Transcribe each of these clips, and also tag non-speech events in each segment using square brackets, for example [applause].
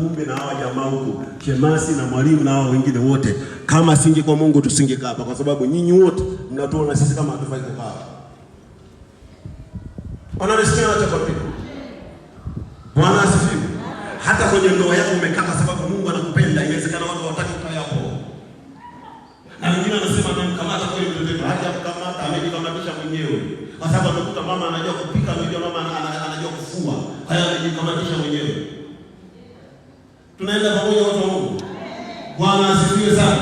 Kumbe na hawa jamaa huko Shemasi na mwalimu na hawa wengine wote, kama singekuwa Mungu tusingekaa hapa, kwa sababu nyinyi wote mnatuona sisi kama hatufai kukaa. Wanalisikia hata kwa pili. Bwana asifiwe. Hata kwenye ndoa yako umekaa kwa sababu Mungu anakupenda, inawezekana watu hawataki kukaa hapo. Na wengine wanasema amemkamata kwa mtoto wetu, hata akamata amejikamatisha mwenyewe. Kwa sababu anakuta mama anajua kupika, anajua mama anajua kufua. Haya anajikamatisha mwenyewe. Tunaenda pamoja watu wa Mungu. Bwana asifiwe sana.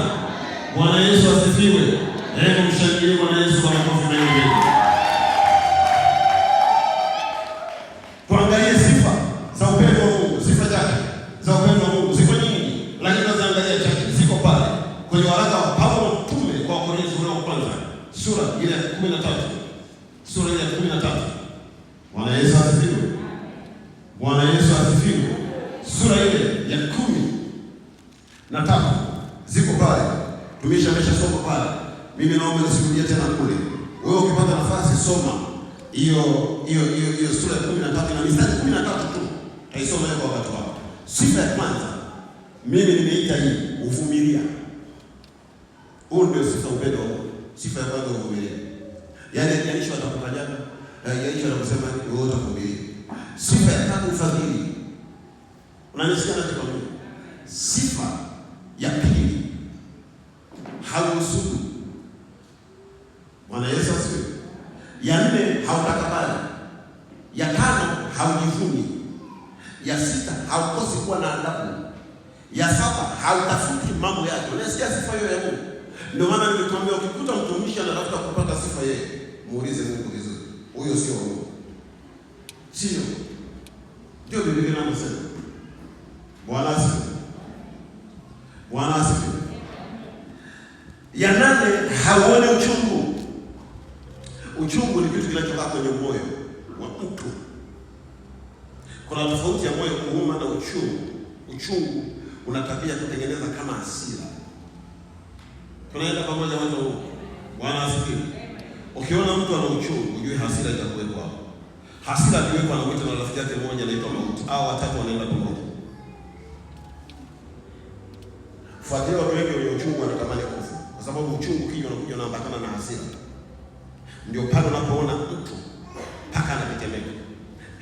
Bwana Yesu asifiwe. Hebu mshangilie Bwana Yesu kwa makofi mengi. Tuangalie sifa za upendo wa Mungu, sifa zake za upendo wa Mungu ziko nyingi, lakini angalia chache, ziko pale kwenye waraka wa Paulo mtume kwa Wakorintho wa kwanza sura ile ya 13, sura ile ya 13. Bwana Yesu asifiwe. Bwana Yesu asifiwe sura ile ya kumi na tatu ziko pale, tumisha mesha soma pale. Mimi naomba nisikuja tena kule, wewe ukipata nafasi soma hiyo hiyo hiyo hiyo sura ya kumi na tatu na mistari kumi na tatu tu taisoma kwa wakati wako. Sifa ya kwanza mimi nimeita hii uvumilia. Huu ndio sifa upendo huu. Sifa ya kwanza uvumilia. Yaani yanisho atakukanyana, yanisho anakusema wewe utavumilia. Sifa ya tatu ufadhili. Unanisikia katika Sifa ya pili hauhusudu. Bwana Yesu asifiwe. Ya nne hautakabali. Ya tano haujivuni. Ya sita haukosi kuwa na adabu. Ya saba hautafuti mambo yake. Unasikia sifa hiyo ya Mungu? Ndio maana nimekuambia ukikuta mtumishi anatafuta kupata sifa yeye, muulize Mungu vizuri. Huyo sio Mungu. Sio. Ndio Biblia inasema. Bwana asifiwe. Bwana asifiwe. Ya nane, hauone uchungu. Uchungu ni kitu kinachokaa kwenye moyo wa mtu. Kuna tofauti ya moyo kuuma na uchungu. Uchungu una tabia kutengeneza kama hasira. Tunaenda pamoja watu huu. Bwana asifiwe. Ukiona mtu ana uchungu, ujue hasira itakuwepo hapo. Hasira iliwekwa na mtu na rafiki yake mmoja anaitwa Mauti. Hao watatu wanaenda pamoja. Fuatilia watu wengi wenye uchungu wanatamani kufa, kwa sababu uchungu kija unakuja unaambatana na hasira. Ndio pale unapoona mtu mpaka anatetemeka.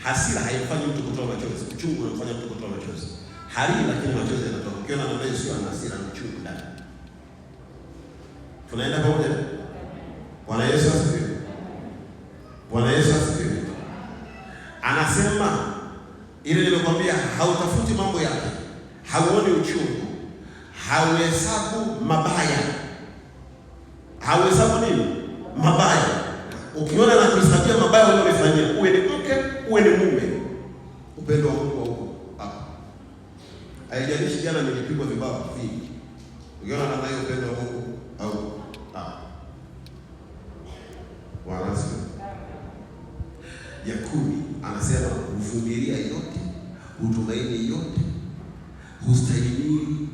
Hasira haifanyi mtu kutoa machozi, uchungu unamfanya mtu kutoa machozi halii, lakini machozi yanatoka. Ukiona mtu sio ana hasira na uchungu ndani, tunaenda pamoja. ya kumi anasema huvumilia yote, utumaini yote, hustahimili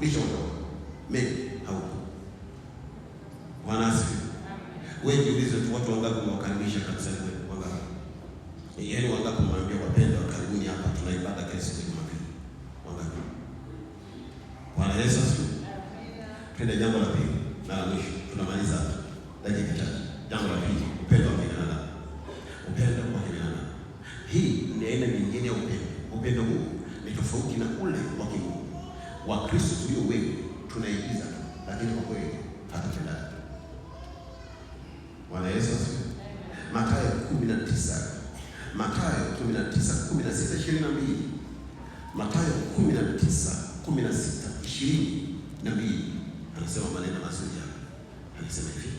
ulichoondoka mimi haupo. Bwana asifiwe. Wewe tu, watu wangapi mwakaribisha kanisani wewe? Wangapi? Eh, yaani wangapi mwaambia wapendwa, karibuni hapa tuna ibada kesho ya Jumapili. Wangapi? Bwana Yesu asifiwe. Twende jambo la pili na la mwisho. Tunamaliza Dakika chache. Jambo la pili, upendo wa binadamu. Upendo wa binadamu. Hii ni aina nyingine ya upendo. Upendo huu ni tofauti na ule wa Mungu. Wa Kristo Mathayo 19, 16, 22 anasema maneno mazuri hapo, Anasema hivi.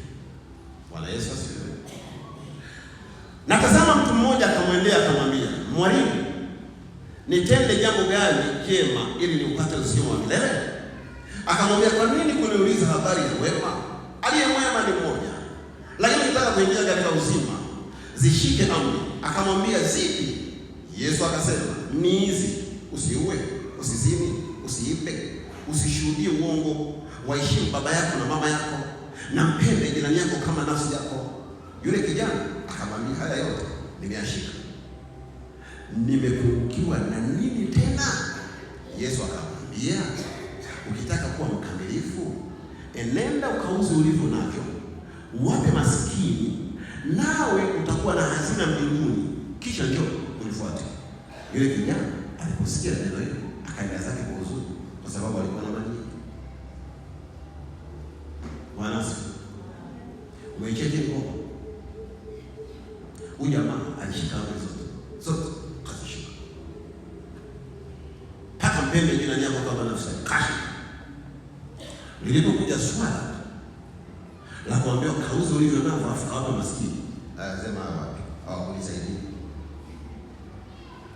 Bwana Yesu asifiwe. Na tazama mtu mmoja akamwendea akamwambia, "Mwalimu, nitende jambo gani jema ili niupate uzima wa milele?" Akamwambia, "Kwa nini kuniuliza habari ya wema? Aliye mwema ni mmoja. Lakini ukitaka kuingia katika uzima, zishike amri." Akamwambia, "Zipi?" Yesu akasema, "Ni hizi usiue, usizini, usiipe usishuhudie uongo, waheshimu baba yako na mama yako, na mpende jirani yako kama nafsi yako. Yule kijana akamwambia, haya yote nimeashika nimepungukiwa na nini tena? Yesu akamwambia, ukitaka kuwa mkamilifu, enenda ukauze ulivyo navyo, uwape masikini nawe utakuwa na hazina mbinguni, kisha njoo unifuate. Yule kijana aliposikia neno hilo akaenda zake kwa huzuni, kwa sababu alikuwa na maji. Mwanasi umeicheje ngoma? Huyu jamaa alishika amri zote zote, kazishika mpaka mpembe jina nyako kama nafsi kashi. Lilipokuja swala la kuambiwa kauza ulivyo navyo, afu kawapa maskini, anasema hawa hawakunisaidia,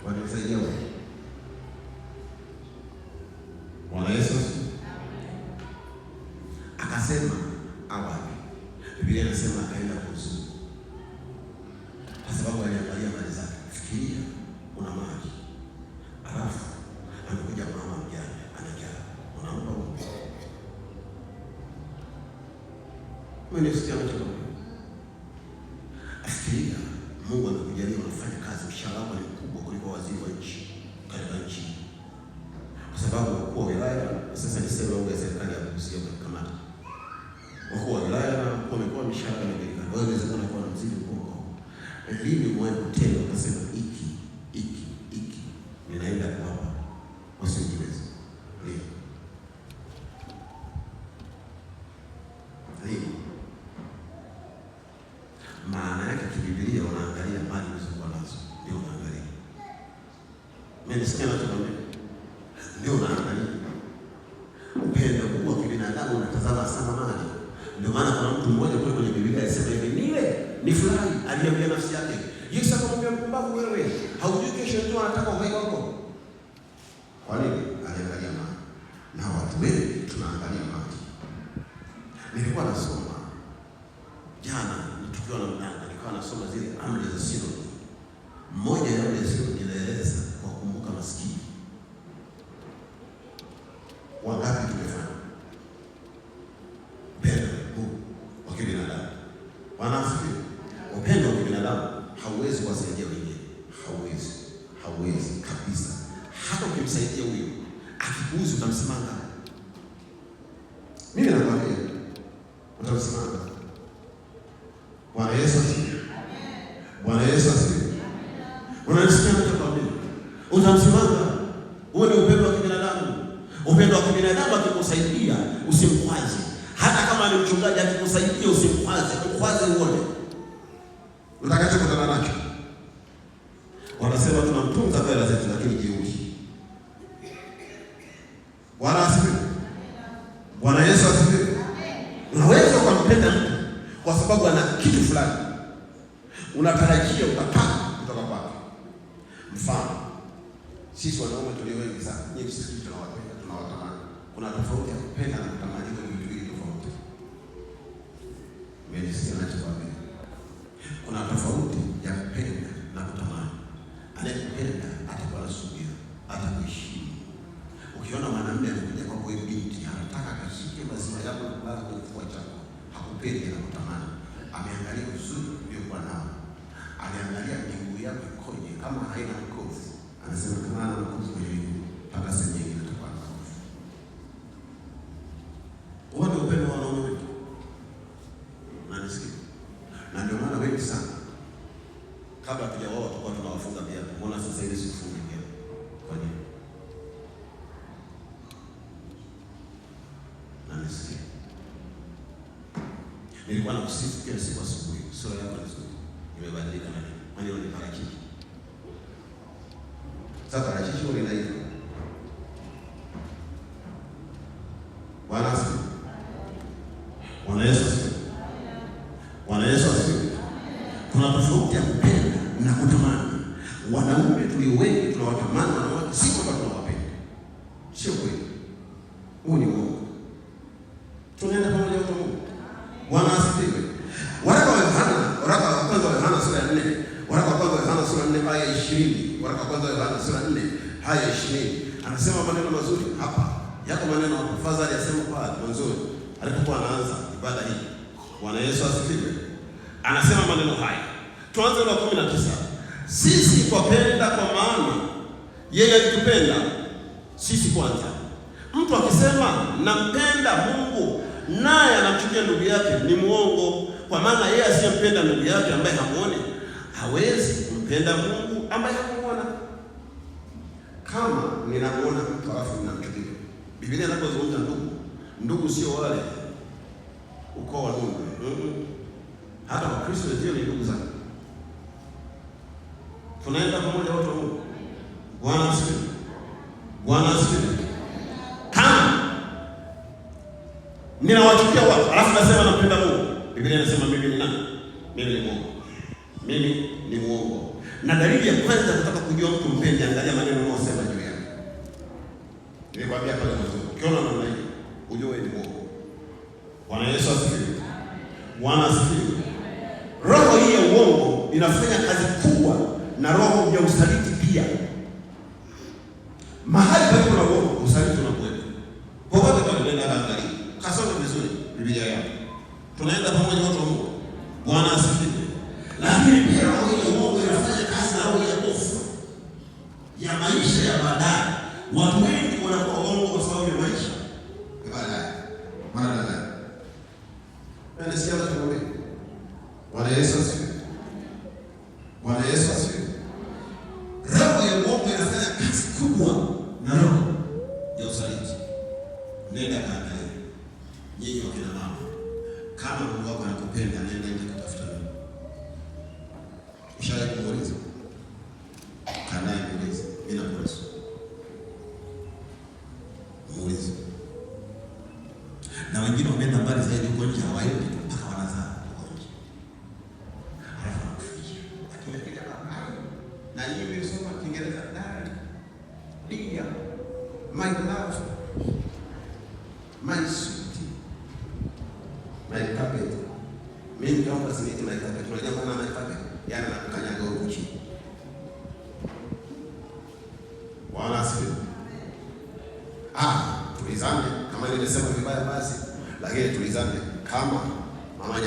wananisaidia wao uendefutia watu kama huyo. Mungu anakujalia unafanya kazi, mshahara wako ni mkubwa kuliko waziri wa nchi katika nchi, kwa sababu wakuu wa wilaya sasa ni sema ya serikali ya kuhusia kwa kamati, wakuu wa wilaya na wamekuwa mishahara na gerikani, wewe unaweza kuwa na mzigo mkubwa. Lini umewahi kutenda ukasema hiki kesho ndio anataka uwai kwako. Kwa nini? Aliangalia mama na watu wengi tunaangalia mama usimkwaze. Hata kama ni mchungaji akikusaidia usimkwaze, mkwaze uone utakachokutana nacho. Wanasema tunamtunza hela zetu, lakini jeuri. Bwana asifiwe. Bwana Yesu asifiwe. Unaweza ukampenda mtu kwa sababu ana kitu fulani unatarajia utapata kutoka kwake. Mfano, sisi wanaume tulio wengi sana, nyinyi msikitu tunawapenda tunawataka kuna tofauti ya kupenda na kutamani kwa vitu tofauti. Nimesikia nachokwambia. Kuna tofauti ya kupenda na kutamani. Anayependa atakuwa na subira, atakuheshimu. Ukiona mwanamume anakuja kwa wewe binti, anataka kashike maziwa yako na kulala kwenye kifua chako, hakupendi na kutamani. Ameangalia uzuri uliokuwa nao, ameangalia miguu yako ikoje, kama haina mkovu, anasema kama ana mkovu kwenye miguu mpaka sasa nilikuwa na kusifu kila siku asubuhi, sura yako nzuri, imebadilika na nini? Maneno ni parachichi. Sasa parachichi wewe unaiva. Bwana asifiwe. Bwana Yesu asifiwe. Bwana Yesu asifiwe. Kuna tofauti ya kupenda na kutamani. Wanaume tulio wengi tunawatamani wanawake, si kwamba tunawapenda, sio kweli. Huu ni uongo. ishirini waraka kwanza Yohana sura nne haya ishirini anasema maneno mazuri hapa, yako maneno fadhali asema kwa mwanzoni alipokuwa anaanza ibada hii. Bwana Yesu asifiwe. Anasema maneno haya, tuanze na kumi na tisa sisi kwa kwa maana yeye alitupenda sisi kwanza. Mtu akisema nampenda Mungu naye anamchukia ndugu yake ni muongo, kwa maana yeye asiyempenda ndugu yake ambaye hamuoni hawezi kumpenda Mungu ambaye hakumwona. Kama ninamuona mtu alafu ninamchukia, Biblia inapozungumza ndugu, ndugu sio wale ukoo wa ndugu mm-hmm. Hata kwa Kristo wenyewe ni ndugu zangu, tunaenda pamoja watu wa Mungu. Bwana asifiwe, Bwana asifiwe. Kama ninawachukia watu alafu nasema nampenda Mungu, Biblia inasema mimi Biblia kwanza, nataka kujua mtu mpende, angalia maneno watu wengi wanakuwa waongo kwa sababu ya red carpet. Mimi nikaomba simiti na red Unajua maana red carpet? Yaani anakukanyaga huko chini. Wala asifi. Ah, tulizane. Kama nilisema vibaya basi, lakini tulizane. Kama mama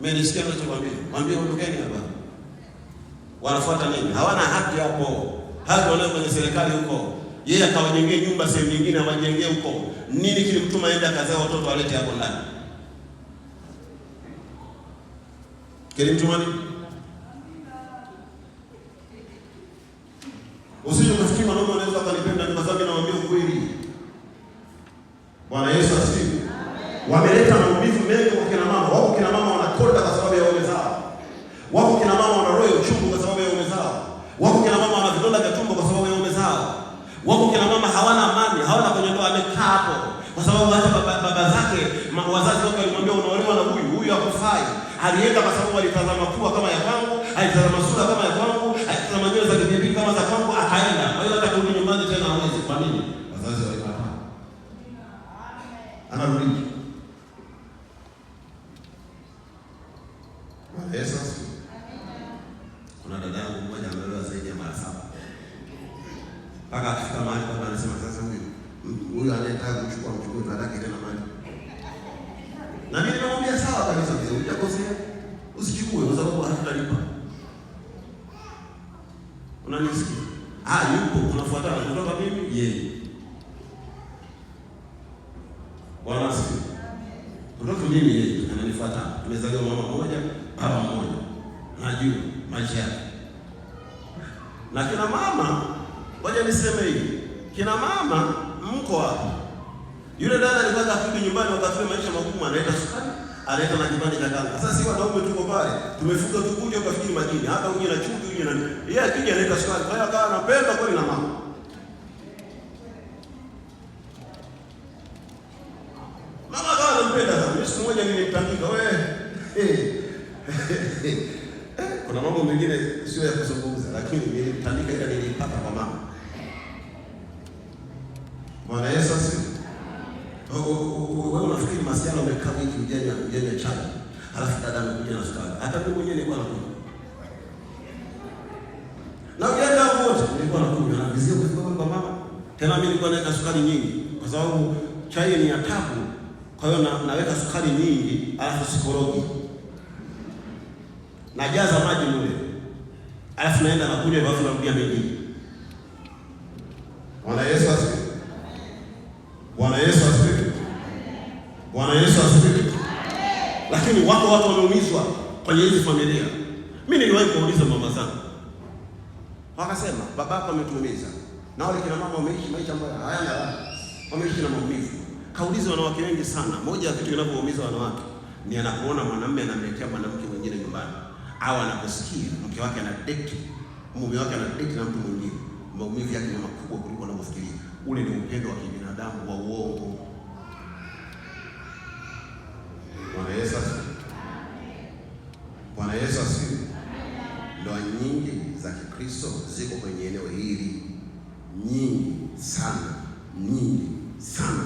Mmenisikia ninachokwambia? Mwambie ondokeni hapa. Wanafuata nini? Hawana haki hapo. Haki wanao kwenye serikali huko. Yeye akawajengee nyumba sehemu nyingine awajengee huko. Nini kilimtuma aende akazaa watoto alete hapo ndani? Kilimtuma nini? Usije kufikiri mwanaume anaweza akanipenda, kwa sababu nawaambia ukweli. Bwana Yesu asifiwe. Wame anafanya maisha magumu, analeta sukari, analeta na kibali cha kanga. Sasa si wanaume tuko pale, tumefuka tukuja fikiri majini, hata unye na chumvi unye na nini, yeye akija analeta sukari. Kwa hiyo akawa anapenda kweli na mama mama akawa anampenda sana. Mimi siku moja nilimtandika we [laughs] eh, kuna mambo mengine sio ya kuzungumza, lakini nilimtandika ila nilipata kwa mama mjenya mjenya chai, halafu dada anakuja na sukari. Hata mimi mwenyewe nilikuwa nakunywa, na ukienda wote nilikuwa nakunywa, na vizio kwa sababu kwa mama. Tena mimi nilikuwa naweka sukari nyingi, kwa sababu chai ni ya tabu, kwa hiyo na, naweka sukari nyingi, alafu sikorogi, najaza maji mule, Alafu naenda nakunywa, halafu narudia mengine. Bwana Yesu asifiwe. lakini wako watu wameumizwa kwenye hizi familia. Mimi niliwahi kuuliza mama zangu, wakasema yako ametuumiza, na wale kina mama wameishi maisha ambayo hayana raha, wameishi na maumivu. Kauliza wanawake wengi sana, moja ya vitu vinavyoumiza wanawake ni anapoona mwanamume anamletea mwanamke mwingine nyumbani, au anaposikia mke wake ana date, mume wake ana date na mtu mwingine. Maumivu yake ni makubwa kuliko anavyofikiria. Ule ni upendo wa kibinadamu wa uongo. Bwana Yesu asifiwe. Bwana Yesu asifiwe. Ndoa nyingi za Kikristo ziko kwenye eneo hili, nyingi sana, nyingi sana.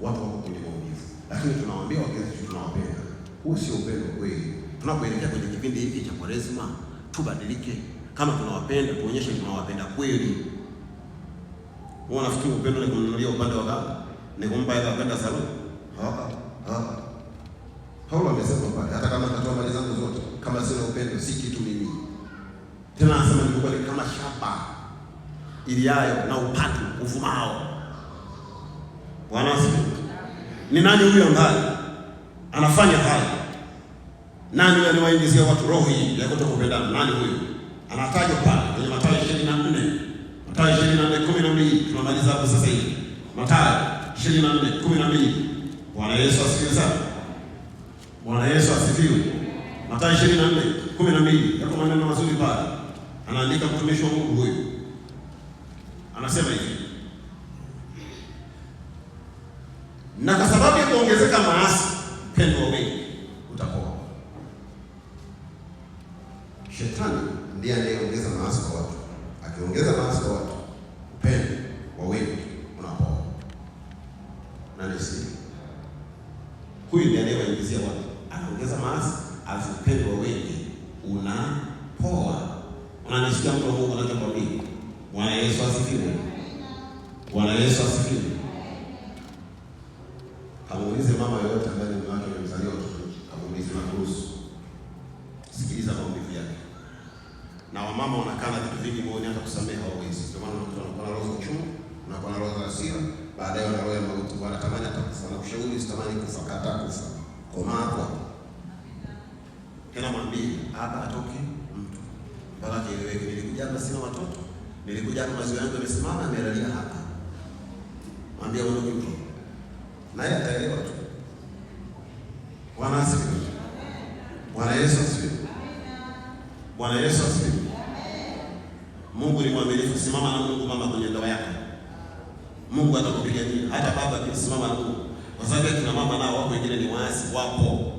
Watu wako kwenye maumivu, lakini tunawaambia Wakristo tunawapenda. Huu sio upendo kweli. Tunapoelekea kwenye kipindi hiki cha Kwaresma, tubadilike. Kama tunawapenda, tuonyeshe tunawapenda kweli. Wanafikiri upendo ni kumnunulia upande wa kaka, ni kumpa hela kwenda saluni. Hawaka. Hawaka. Paulo amesema pale, hata kama nitatoa mali zangu zote, kama sina upendo si kitu mimi. Tena anasema ni ni kama shaba iliayo na upatu uvumao. Bwana asifiwe. Ni nani huyu ambaye anafanya hayo? Nani huyu watu roho hii ya kutokupendana? Nani huyu? Anatajwa pale kwenye Mathayo 24. Mathayo 24:12 tunamaliza hapo sasa hivi. Mathayo 24:12. Bwana Yesu asifiwe sana. Bwana Yesu asifiwe. Mathayo 24:12 yako maneno mazuri pale, anaandika mtumishi wa Mungu huyu, anasema hivi: na kwa sababu ya kuongezeka maasi baadaye wanaroya mauti, wanatamani atakufa, kushauri usitamani kufa, kata kufa, komaa hapo tena, mwambie hapa atoke mtu mpaka kieleweke. Nilikuja hapa sina watoto, nilikuja hapa maziwa yangu yamesimama, amelalia hapa. Mwambie huyo mtu naye ataelewa tu. Bwana asifiwe. Bwana Yesu asifiwe. Bwana Yesu asifiwe. Mungu ni mwaminifu. Simama na Mungu mama, kwenye ndoa yako Mungu jamii, yaani hata baba akisimama tu, kwa sababu akina mama nao wako wengine ni waasi, wapo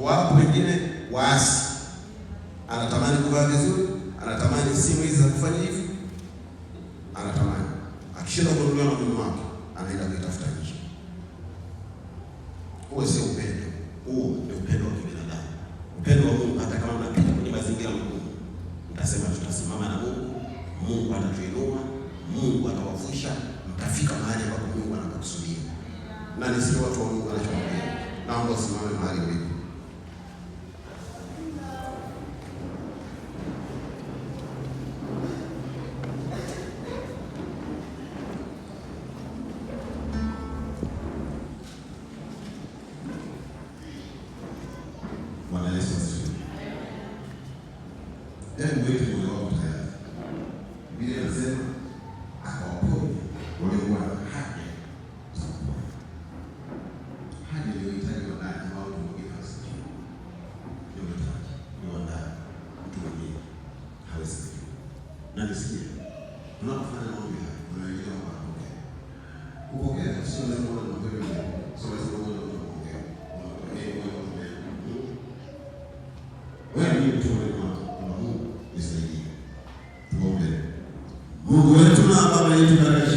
wapo wengine waasi, anatamani kuvaa vizuri, anatamani simu hizi za kufanya hivi, anatamani akishinda kununuliwa na mume wake anaenda kuitafuta nje. Huo sio Unajisikia tunapofanya maombi haya, unaelewa unapokea. Kupokea sio lazima uwe na mapenzi mengi, sio lazima uwe na unapokea. Unapokea wewe unapokea. Wewe ni mtu wa Mungu, na Mungu nisaidie. Tuombe. Mungu wetu na Baba yetu katika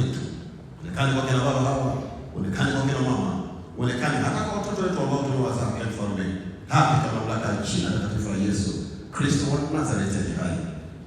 vitu, onekane kwa kina baba hapo, onekane kwa kina mama, onekane hata kwa watoto wetu ambao tulio wazazi yaani mfalme hapa, kwa mamlaka ya jina takatifu la Yesu Kristo wa Nazareti aliye hai.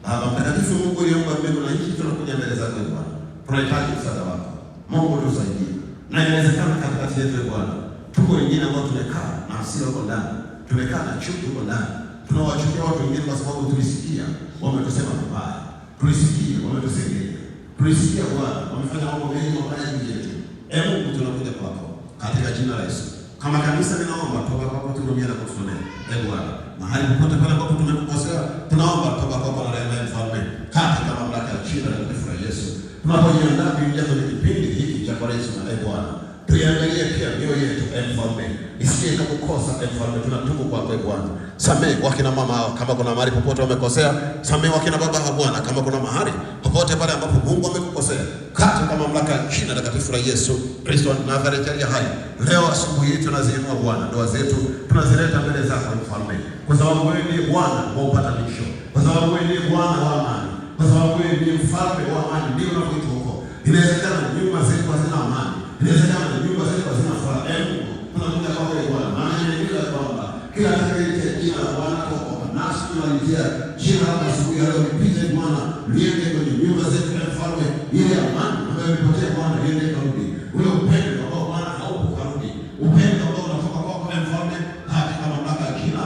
Baba mtakatifu, Mungu uliumba mbingu na nchi, tunakuja mbele zako Bwana, tunahitaji msaada wako Mungu, tusaidie na inawezekana katikati yetu Bwana, tuko wengine ambao tumekaa na hasira huko ndani, tumekaa na chuki huko ndani, tunawachukia watu wengine kwa sababu tulisikia wametusema vibaya, tulisikia wametusengenya Tulisikia Bwana wamefanya mambo mengi mabaya nje yetu. Ee Mungu, tunakuja kwako katika jina la Yesu. Kama kanisa ninaomba toba kwako, turudie na kutusamehe. Ee Bwana, mahali popote pale ambapo tumekukosea, tunaomba toba kwako na rehema ya mfalme katika mamlaka ya jina la Yesu. Tunapojiandaa kuingia kwenye kipindi hiki cha Kwaresima, ee Bwana tuiangalie pia mioyo yetu, eh, mfalme, isikie kama kukosa. Eh, mfalme, tunatubu kwako eh, Bwana, samehe wakina mama hawa kama kuna mahali popote wamekosea, samehe wakina baba hawa Bwana, kama kuna mahali popote pale ambapo Mungu amekukosea, katika mamlaka ya jina takatifu la Yesu Kristo na ya hai, leo asubuhi hii tunaziinua Bwana ndoa zetu, tunazileta mbele zako Mfalme, kwa sababu wewe ndiye Bwana wa upatanisho, kwa sababu wewe ndiye Bwana wa amani, kwa sababu wewe ndiye mfalme wa amani, ndio unapoitwa huko. Inawezekana nyuma zetu hazina amani Inaweza kama ni nyumba sasa kwa sina fahamu. Tunakuja kwa Bwana. Maana inaeleza kwamba kila atakayeitia jina la Bwana kwa kwa nafsi tunalitia jina la asubuhi leo nipite Bwana, niende kwenye nyumba zetu na mfalme ile amani ambayo imepotea Bwana iende karudi. Ule upendo ambao Bwana haupo karudi. Upendo ambao unatoka kwa kwa mfalme hadi kama mamlaka kina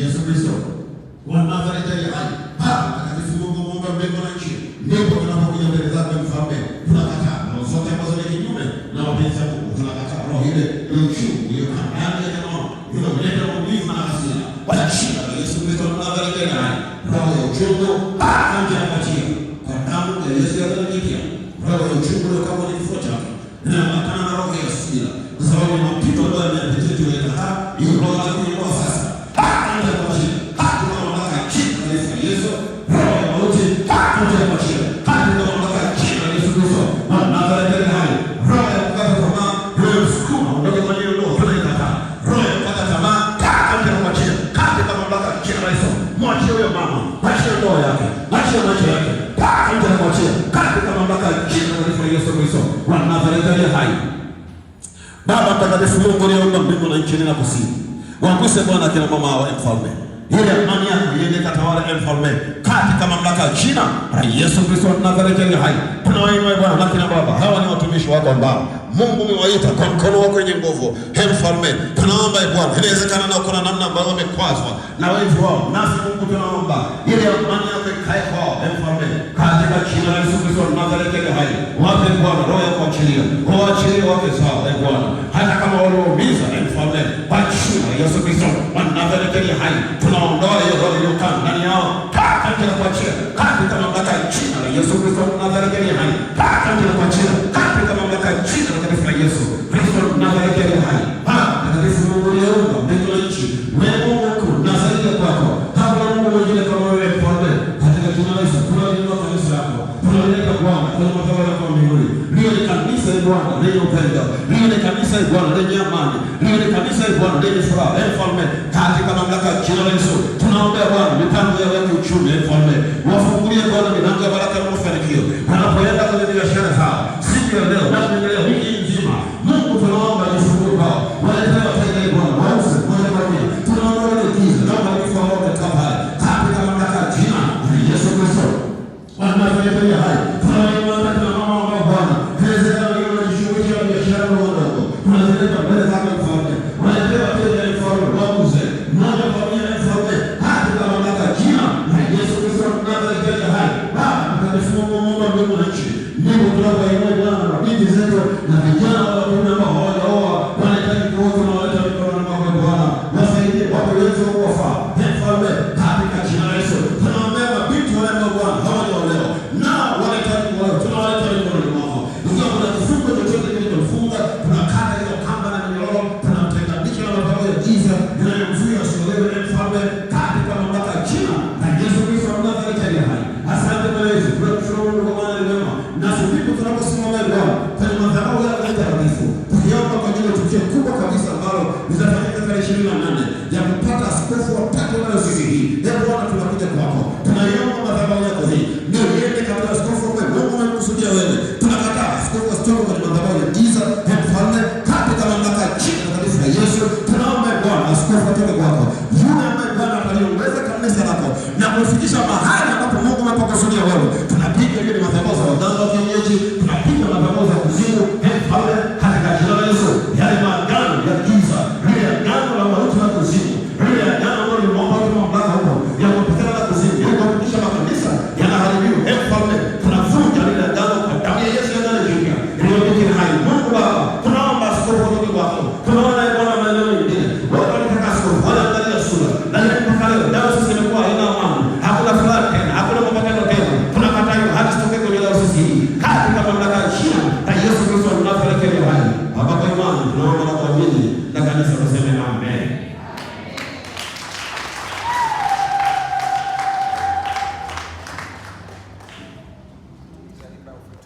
Yesu Kristo. Kwa Nazareti ya hali. Baba, katika Mungu muumba mbingu na nchi. Ndipo tunapo aliyeumba mbingu na nchi, nena kusini, waguse Bwana kina mama hawa, eh, mfalme ile amani yako iende katawala, eh, mfalme katika mamlaka ya jina la Yesu Kristo wa Nazareti aliye hai. Tunawainua Bwana na kina baba hawa, ni watumishi wako ambao Mungu umewaita kwa mkono wako wenye nguvu. He eh, mfalme, tunaomba Bwana, inawezekana na kuna namna ambayo wamekwazwa na wenzi wao, nasi Mungu tunaomba ile amani yako ikae kwao, mfalme katika jina la Yesu Kristo wape Bwana roho ya kuachilia, waachilie wake sawa, e Bwana, hata kama walioumiza ni mfalme kwa jina la Yesu Kristo wanavelekelia hai, tunaondoa hiyo roho iliyokaa ndani yao, katika kuachia, katika mamlaka ya jina la Yesu Kristo wanavelekelia hai, katika kuachia, katika mamlaka ya jina la Yesu lenye upendo, liwe ni kanisa ya Bwana lenye amani, liwe ni kanisa ya Bwana lenye furaha. E Mfalme, katika mamlaka ya jina la Yesu tunaombea Bwana mipango ya ya uchumi. E Mfalme, wafungulie Bwana milango ya baraka na mafanikio wanapoenda kwenye biashara zao siku ya leo. anakufikisha mahali ambapo Mungu amekusudia wewe. Tunapiga ile madhabahu